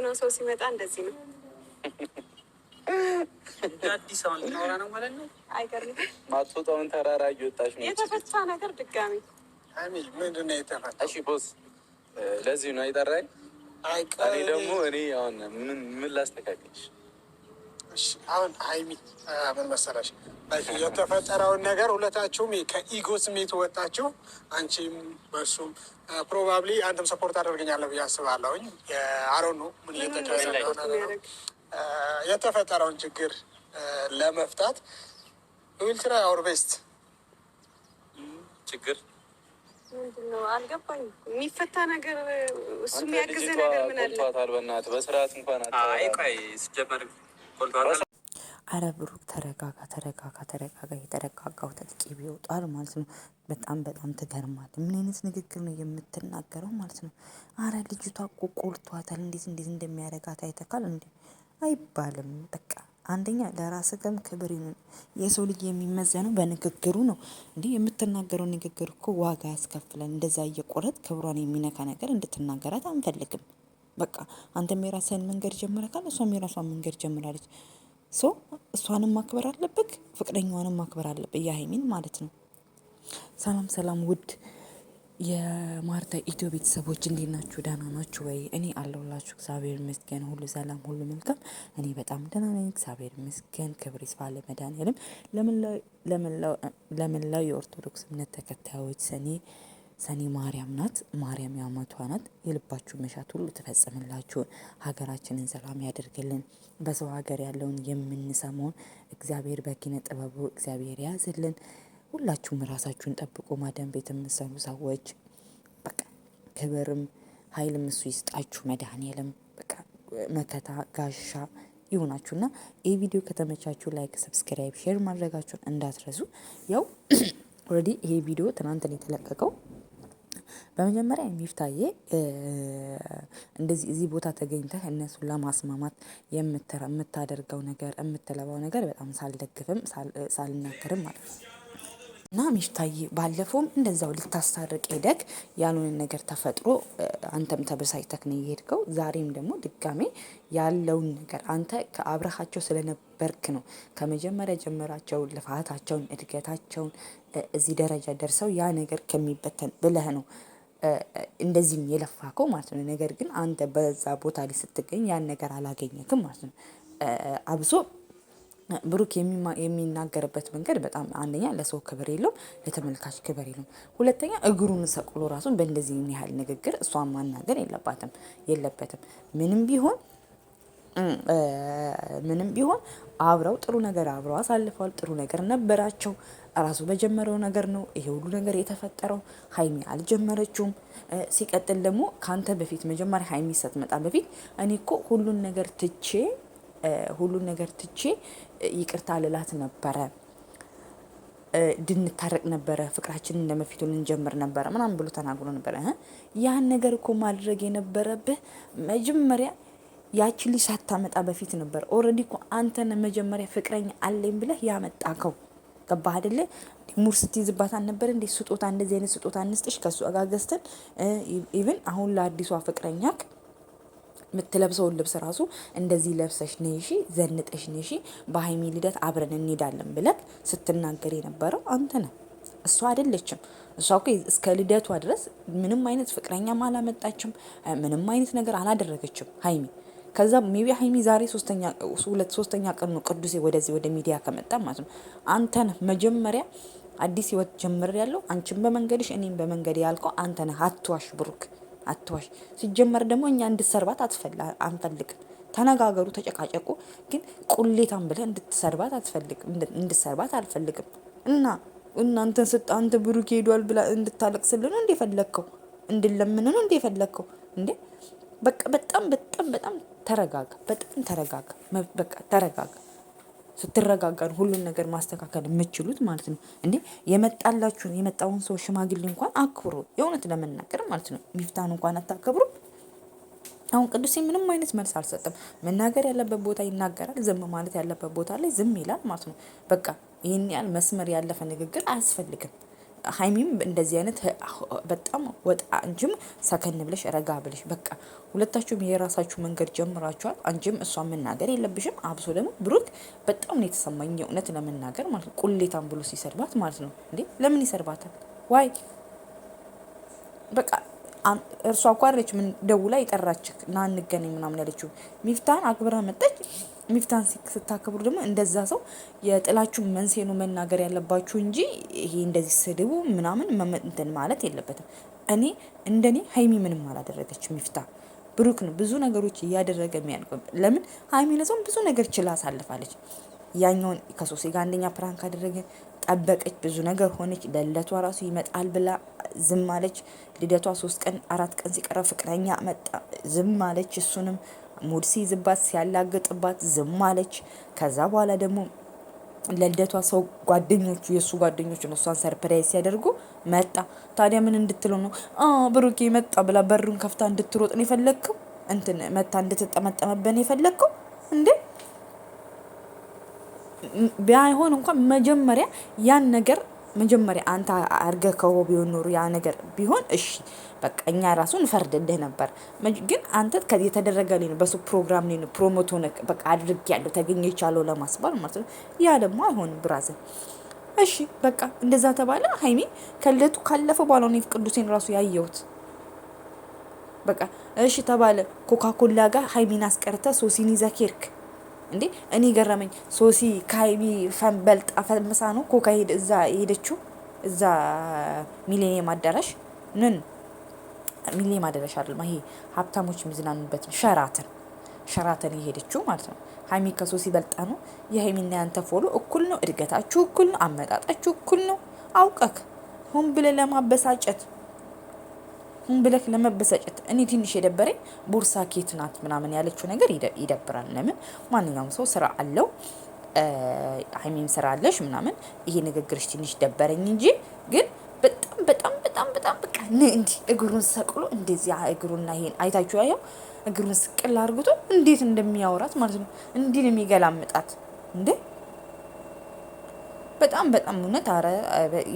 የሆነ ሰው ሲመጣ እንደዚህ ነው። አዲስ አሁን ነው ማለት ነው። አይገርም። ማትወጣውን ተራራ እየወጣች ነው። የተፈታ ነገር ድጋሚ ምንድን ነው የተፈታ? እሺ ቦስ፣ ለዚህ ነው የጠራኝ። እኔ ደግሞ እኔ አሁን ምን ላስተካክልሽ አሁን ሀይሚ ምን መሰለሽ የተፈጠረውን ነገር ሁለታችሁም ከኢጎ ስሜት ወጣችሁ፣ አንቺም በሱም ፕሮባብሊ አንተም ሰፖርት አደርገኛለሁ ብዬ አስባለሁኝ። አሮኑ ምን የተፈጠረውን ችግር ለመፍታት ዊልትራ አውር ቤስት ችግር ምንድነው? አልገባኝ። የሚፈታ ነገር እሱ የሚያግዝ ነገር ምን አለ? በስርዓት እንኳን አይ ቆይ ስጀመር አረ ብሩክ ተረጋጋ፣ ተረጋጋ፣ ተረጋጋ። የተረጋጋ ወተት ቂቤ ይወጣል ማለት ነው። በጣም በጣም ትገርማል። ምን አይነት ንግግር ነው የምትናገረው ማለት ነው። አረ ልጅቷ እኮ ቆልቷታል። እንዴት እንዴት እንደሚያደርጋት አይተካል እንዴ? አይባልም በቃ አንደኛ ለራስ ገም ክብር የሰው ልጅ የሚመዘነው በንግግሩ ነው። እንዲህ የምትናገረው ንግግር እኮ ዋጋ ያስከፍላል። እንደዛ እየቆረጥ ክብሯን የሚነካ ነገር እንድትናገራት አንፈልግም። በቃ አንተም የራስህን መንገድ ጀምረካል፣ እሷም የራሷን መንገድ ጀምራለች። ሶ እሷንም ማክበር አለብክ፣ ፍቅረኛዋንም ማክበር አለብህ፣ የሀይሚን ማለት ነው። ሰላም ሰላም፣ ውድ የማርታ ኢትዮ ቤተሰቦች እንዴት ናችሁ? ደህና ናችሁ ወይ? እኔ አለሁላችሁ። እግዚአብሔር ይመስገን፣ ሁሉ ሰላም፣ ሁሉ መልካም። እኔ በጣም ደህና ነኝ፣ እግዚአብሔር ይመስገን። ክብር ይስፋ ለመድኃኔዓለም፣ ለመላው የኦርቶዶክስ እምነት ተከታዮች ሰኔ ሰኔ ማርያም ናት። ማርያም የዓመቷ ናት። የልባችሁ መሻት ሁሉ ትፈጽምላችሁ። ሀገራችንን ሰላም ያደርግልን። በሰው ሀገር ያለውን የምንሰማውን እግዚአብሔር በኪነ ጥበቡ እግዚአብሔር የያዝልን። ሁላችሁም ራሳችሁን ጠብቁ። ማደንብ ቤት የምሰሩ ሰዎች በቃ ክብርም ኃይልም እሱ ይስጣችሁ። መድኃኔዓለም በቃ መከታ ጋሻ ይሁናችሁና ይህ ቪዲዮ ከተመቻችሁ ላይክ፣ ሰብስክራይብ፣ ሼር ማድረጋችሁን እንዳትረሱ። ያው ኦልሬዲ ይሄ ቪዲዮ ትናንት የተለቀቀው። በመጀመሪያ የሚፍታዬ እንደዚህ እዚህ ቦታ ተገኝተህ እነሱን ለማስማማት የምታደርገው ነገር የምትለባው ነገር በጣም ሳልደግፍም ሳልናገርም ማለት ነው። እና ሚፍታዬ ባለፈውም እንደዛው ልታስታርቅ ሄደክ ያልሆነ ነገር ተፈጥሮ አንተም ተበሳጭተክ ነው የሄድከው። ዛሬም ደግሞ ድጋሜ ያለውን ነገር አንተ ከአብረሃቸው ስለነበርክ ነው ከመጀመሪያ ጀመራቸውን ልፋታቸውን፣ እድገታቸውን እዚህ ደረጃ ደርሰው ያ ነገር ከሚበተን ብለህ ነው እንደዚህም የለፋከው ማለት ነው። ነገር ግን አንተ በዛ ቦታ ላይ ስትገኝ ያን ነገር አላገኘክም ማለት ነው አብሶ ብሩክ የሚናገርበት መንገድ በጣም አንደኛ ለሰው ክብር የለውም፣ ለተመልካች ክብር የለውም። ሁለተኛ እግሩን ሰቅሎ ራሱን በእንደዚህ ያህል ንግግር እሷን ማናገር የለባትም የለበትም። ምንም ቢሆን ምንም ቢሆን አብረው ጥሩ ነገር አብረው አሳልፈዋል። ጥሩ ነገር ነበራቸው። ራሱ በጀመረው ነገር ነው ይሄ ሁሉ ነገር የተፈጠረው። ሀይሚ አልጀመረችውም። ሲቀጥል ደግሞ ከአንተ በፊት መጀመሪያ ሀይሚ ስትመጣ በፊት እኔ እኮ ሁሉን ነገር ትቼ ሁሉን ነገር ትቼ ይቅርታ ልላት ነበረ፣ ድንታረቅ ነበረ፣ ፍቅራችንን እንደመፊቱ ልንጀምር ነበረ ምናምን ብሎ ተናግሮ ነበረ። ያን ነገር እኮ ማድረግ የነበረብህ መጀመሪያ ያቺ ልጅ ሳታመጣ በፊት ነበር። ኦልሬዲ እኮ አንተን መጀመሪያ ፍቅረኛ አለኝ ብለህ ያመጣከው ገባህ አይደለ? ሙር ስትይዝባት አልነበረ እንዴ? ስጦታ እንደዚህ አይነት ስጦታ እንስጥሽ ከእሱ አጋገዝተን ኢቭን አሁን ለአዲሷ ፍቅረኛክ የምትለብሰውን ልብስ ራሱ እንደዚህ ለብሰሽ ነይሺ፣ ዘንጠሽ ነይሺ፣ በሀይሚ ልደት አብረን እንሄዳለን ብለን ስትናገር የነበረው አንተ ነው። እሷ አይደለችም። እሷ እኮ እስከ ልደቷ ድረስ ምንም አይነት ፍቅረኛም አላመጣችም፣ ምንም አይነት ነገር አላደረገችም ሀይሚ። ከዛ ሜቢ ሀይሚ ዛሬ ሁለት ሶስተኛ ቀን ነው ቅዱሴ ወደዚህ ወደ ሚዲያ ከመጣ ማለት ነው። አንተ መጀመሪያ አዲስ ህይወት ጀምር ያለው አንቺን በመንገድሽ እኔም በመንገድ ያልከው አንተ ነህ። አትዋሽ ብሩክ። አትዋሽ። ሲጀመር ደግሞ እኛ እንድትሰርባት አንፈልግም። ተነጋገሩ፣ ተጨቃጨቁ። ግን ቁሌታም ብለህ እንድትሰርባት አትፈልግም፣ እንድትሰርባት አልፈልግም። እና እናንተን ስጥ አንተ ብሩክ ሄዷል ብላ እንድታለቅስልን እንዴ ፈለግከው እንድለምንን እንዴ ፈለግከው እንዴ በቃ በጣም በጣም በጣም ተረጋጋ፣ በጣም ተረጋጋ፣ በቃ ተረጋጋ። ስትረጋጋን ሁሉን ነገር ማስተካከል የምችሉት ማለት ነው። እንዴ የመጣላችሁን የመጣውን ሰው ሽማግሌ እንኳን አክብሩ። የእውነት ለመናገር ማለት ነው። ሚፍታን እንኳን አታከብሩ አሁን ቅዱሴ ምንም አይነት መልስ አልሰጥም። መናገር ያለበት ቦታ ይናገራል። ዝም ማለት ያለበት ቦታ ላይ ዝም ይላል ማለት ነው። በቃ ይህን ያህል መስመር ያለፈ ንግግር አያስፈልግም። ሀይሚም እንደዚህ አይነት በጣም ወጣ አንጅም ሰከን ብለሽ ረጋ ብለሽ በቃ ሁለታችሁም የራሳችሁ መንገድ ጀምራችኋል። አንጅም እሷ መናገር የለብሽም። አብሶ ደግሞ ብሩክ በጣም ነው የተሰማኝ እውነት ለመናገር ማለት ነው። ቁሌታም ብሎ ሲሰርባት ማለት ነው። እንዴ ለምን ይሰርባታል? ዋይ በቃ እርሷ ኳለች ምን ደውላ የጠራችህ ና እንገናኝ ምናምን ያለችው ሚፍታን አክብራ መጣች። ሚፍታን ስታከብሩ ደግሞ እንደዛ ሰው የጥላችሁ መንስኤ ነው መናገር ያለባችሁ እንጂ ይሄ እንደዚህ ስድቡ ምናምን እንትን ማለት የለበትም። እኔ እንደኔ ሀይሚ ምንም አላደረገች። ሚፍታ ብሩክ ነው ብዙ ነገሮች እያደረገ የሚያልቁ ለምን ሀይሚ ለሰውም ብዙ ነገር ችላ አሳልፋለች። ያኛውን ከሶሴ ጋር አንደኛ ፕራንክ አደረገ። ጠበቀች፣ ብዙ ነገር ሆነች። ለልደቷ ራሱ ይመጣል ብላ ዝም አለች። ልደቷ ሶስት ቀን አራት ቀን ሲቀረ ፍቅረኛ መጣ፣ ዝም አለች። እሱንም ሙድ ሲይዝባት ሲያላግጥባት ዝም አለች። ከዛ በኋላ ደግሞ ለልደቷ ሰው ጓደኞቹ የእሱ ጓደኞቹ እሷን ሰርፕራይዝ ሲያደርጉ መጣ። ታዲያ ምን እንድትለው ነው ብሩኬ መጣ ብላ በሩን ከፍታ እንድትሮጥ ነው የፈለግከው? እንትን መታ እንድትጠመጠመበን የፈለግከው እንዴ? ባይሆን እንኳን መጀመሪያ ያን ነገር መጀመሪያ አንተ አርገ ከሆ ቢሆን ኖሩ ያ ነገር ቢሆን እሺ በቃ እኛ ራሱ እንፈርድልህ ነበር። ግን አንተ የተደረገ ላይ ነው በሱ ፕሮግራም ላይ ነው ፕሮሞት ሆነ በቃ አድርግ ያለው ተገኘቻለሁ ለማስባል ማለት ነው። ያ ደግሞ አይሆንም ብራዘር። እሺ በቃ እንደዛ ተባለ። ሀይሚ ከልደቱ ካለፈው በኋላ ነው ቅዱሴን ራሱ ያየሁት። በቃ እሺ ተባለ። ኮካኮላ ጋር ሀይሚን አስቀርተ ሶሲን ይዘህ ኬርክ እንዴ እኔ ገረመኝ። ሶሲ ከሀይሚ ፈንበልጣ ፈምሳ ነው ኮካ እዛ ሄደችው እዛ ሚሊኒየም አዳራሽ ምን ሚሊኒየም አዳራሽ አይደለም ይሄ ሀብታሞች የሚዝናኑበት ሸራተን ሸራተን የሄደችው ማለት ነው። ሀይሚ ከሶሲ በልጣ ነው። የሀይሚና ያንተ ፎሎ እኩል ነው። እድገታችሁ እኩል ነው። አመጣጣችሁ እኩል ነው። አውቀክ ሁን ብለ ለማበሳጨት ብለክ ለመበሳጨት እኔ ትንሽ የደበረኝ ቦርሳ ኬት ናት ምናምን ያለችው ነገር ይደብራል። ለምን ማንኛውም ሰው ስራ አለው ሀይሚም ስራ አለሽ ምናምን። ይሄ ንግግርሽ ትንሽ ደበረኝ እንጂ ግን በጣም በጣም በጣም በጣም በቃ እንዲህ እግሩን ሰቅሎ እንደዚህ እግሩና ይሄን አይታችሁ ያየው እግሩን ስቅል አድርግቶ እንዴት እንደሚያወራት ማለት ነው። እንዲህ ነው የሚገላምጣት እንዴ! በጣም በጣም እውነት፣ አረ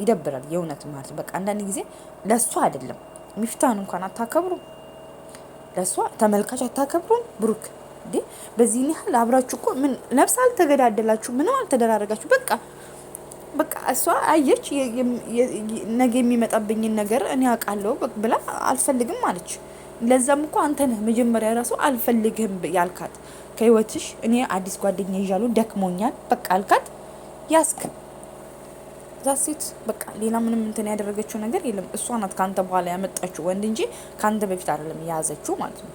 ይደብራል የእውነት ማለት በቃ አንዳንድ ጊዜ ለሱ አይደለም ሚፍታን እንኳን አታከብሩ፣ ለእሷ ተመልካች አታከብሩን። ብሩክ እንዴ በዚህ ያህል አብራችሁ እኮ ምን ነፍስ አልተገዳደላችሁ፣ ምንም አልተደራረጋችሁ። በቃ በቃ እሷ አየች ነገ የሚመጣብኝን ነገር እኔ አውቃለሁ ብላ አልፈልግም አለች። ለዛም እኮ አንተ ነህ መጀመሪያ ራሱ አልፈልግህም ያልካት ከህይወትሽ እኔ አዲስ ጓደኛ ይዣሉ ደክሞኛል በቃ አልካት ያስክ ዛሴት በቃ ሌላ ምንም እንትን ያደረገችው ነገር የለም። እሷ ናት ከአንተ በኋላ ያመጣችው ወንድ እንጂ ከአንተ በፊት አይደለም የያዘችው ማለት ነው።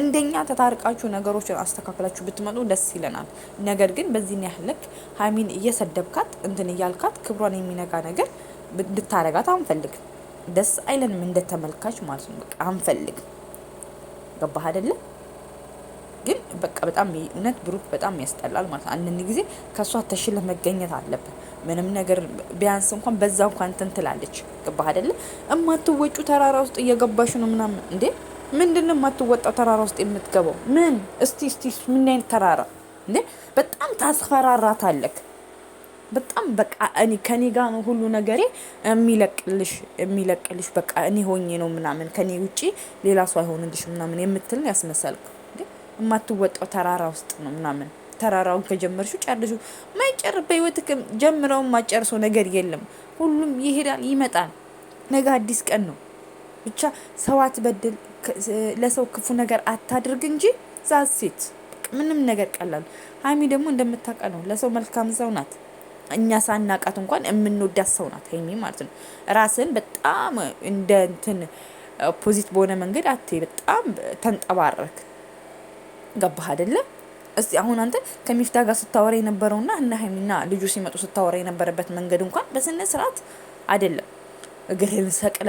እንደኛ ተታርቃችሁ ነገሮችን አስተካክላችሁ ብትመጡ ደስ ይለናል። ነገር ግን በዚህን ያህል ልክ ሀይሚን እየሰደብካት እንትን እያልካት ክብሯን የሚነጋ ነገር እንድታረጋት አንፈልግ። ደስ አይለንም እንደተመልካች ማለት ነው። በቃ አንፈልግም። ገባህ አይደለም? በቃ በጣም እውነት ብሩክ በጣም ያስጠላል ማለት ነው። አንዳንድ ጊዜ ከእሷ ተሽለ መገኘት አለብን። ምንም ነገር ቢያንስ እንኳን በዛ እንኳን እንትን ትላለች። ገባህ አይደለ? እማትወጩ ተራራ ውስጥ እየገባሽ ነው ምናምን። እንዴ ምንድን ነው የማትወጣው ተራራ ውስጥ የምትገባው? ምን እስቲ እስቲ ምን አይነት ተራራ እንዴ! በጣም አለክ። በጣም በቃ እኔ ከኔ ጋር ነው ሁሉ ነገሬ የሚለቅልሽ የሚለቅልሽ በቃ እኔ ሆኜ ነው ምናምን ከኔ ውጪ ሌላ ሰው አይሆንልሽ ምናምን የምትል ያስመሰልክ የማትወጣው ተራራ ውስጥ ነው ምናምን ተራራውን ከጀመርሹ ጨርሹ ማይጨር በህይወት ጀምረው ማጨርሰው ነገር የለም። ሁሉም ይሄዳል ይመጣል። ነገ አዲስ ቀን ነው። ብቻ ሰው አትበድል፣ ለሰው ክፉ ነገር አታድርግ እንጂ ዛሴት ምንም ነገር ቀላል ሀይሚ ደግሞ እንደምታውቀ ነው ለሰው መልካም ሰው ናት። እኛ ሳናቃት እንኳን የምንወዳት ሰው ናት ሀይሚ ማለት ነው። ራስን በጣም እንደ እንትን ኦፖዚት በሆነ መንገድ አት በጣም ተንጠባረክ ገባህ አይደለም? እስቲ አሁን አንተ ከሚፍታ ጋር ስታወራ የነበረውና እና ሀይሚና ልጁ ሲመጡ ስታወረ የነበረበት መንገድ እንኳን በስነ ስርዓት አይደለም። እግርህን ሰቅለ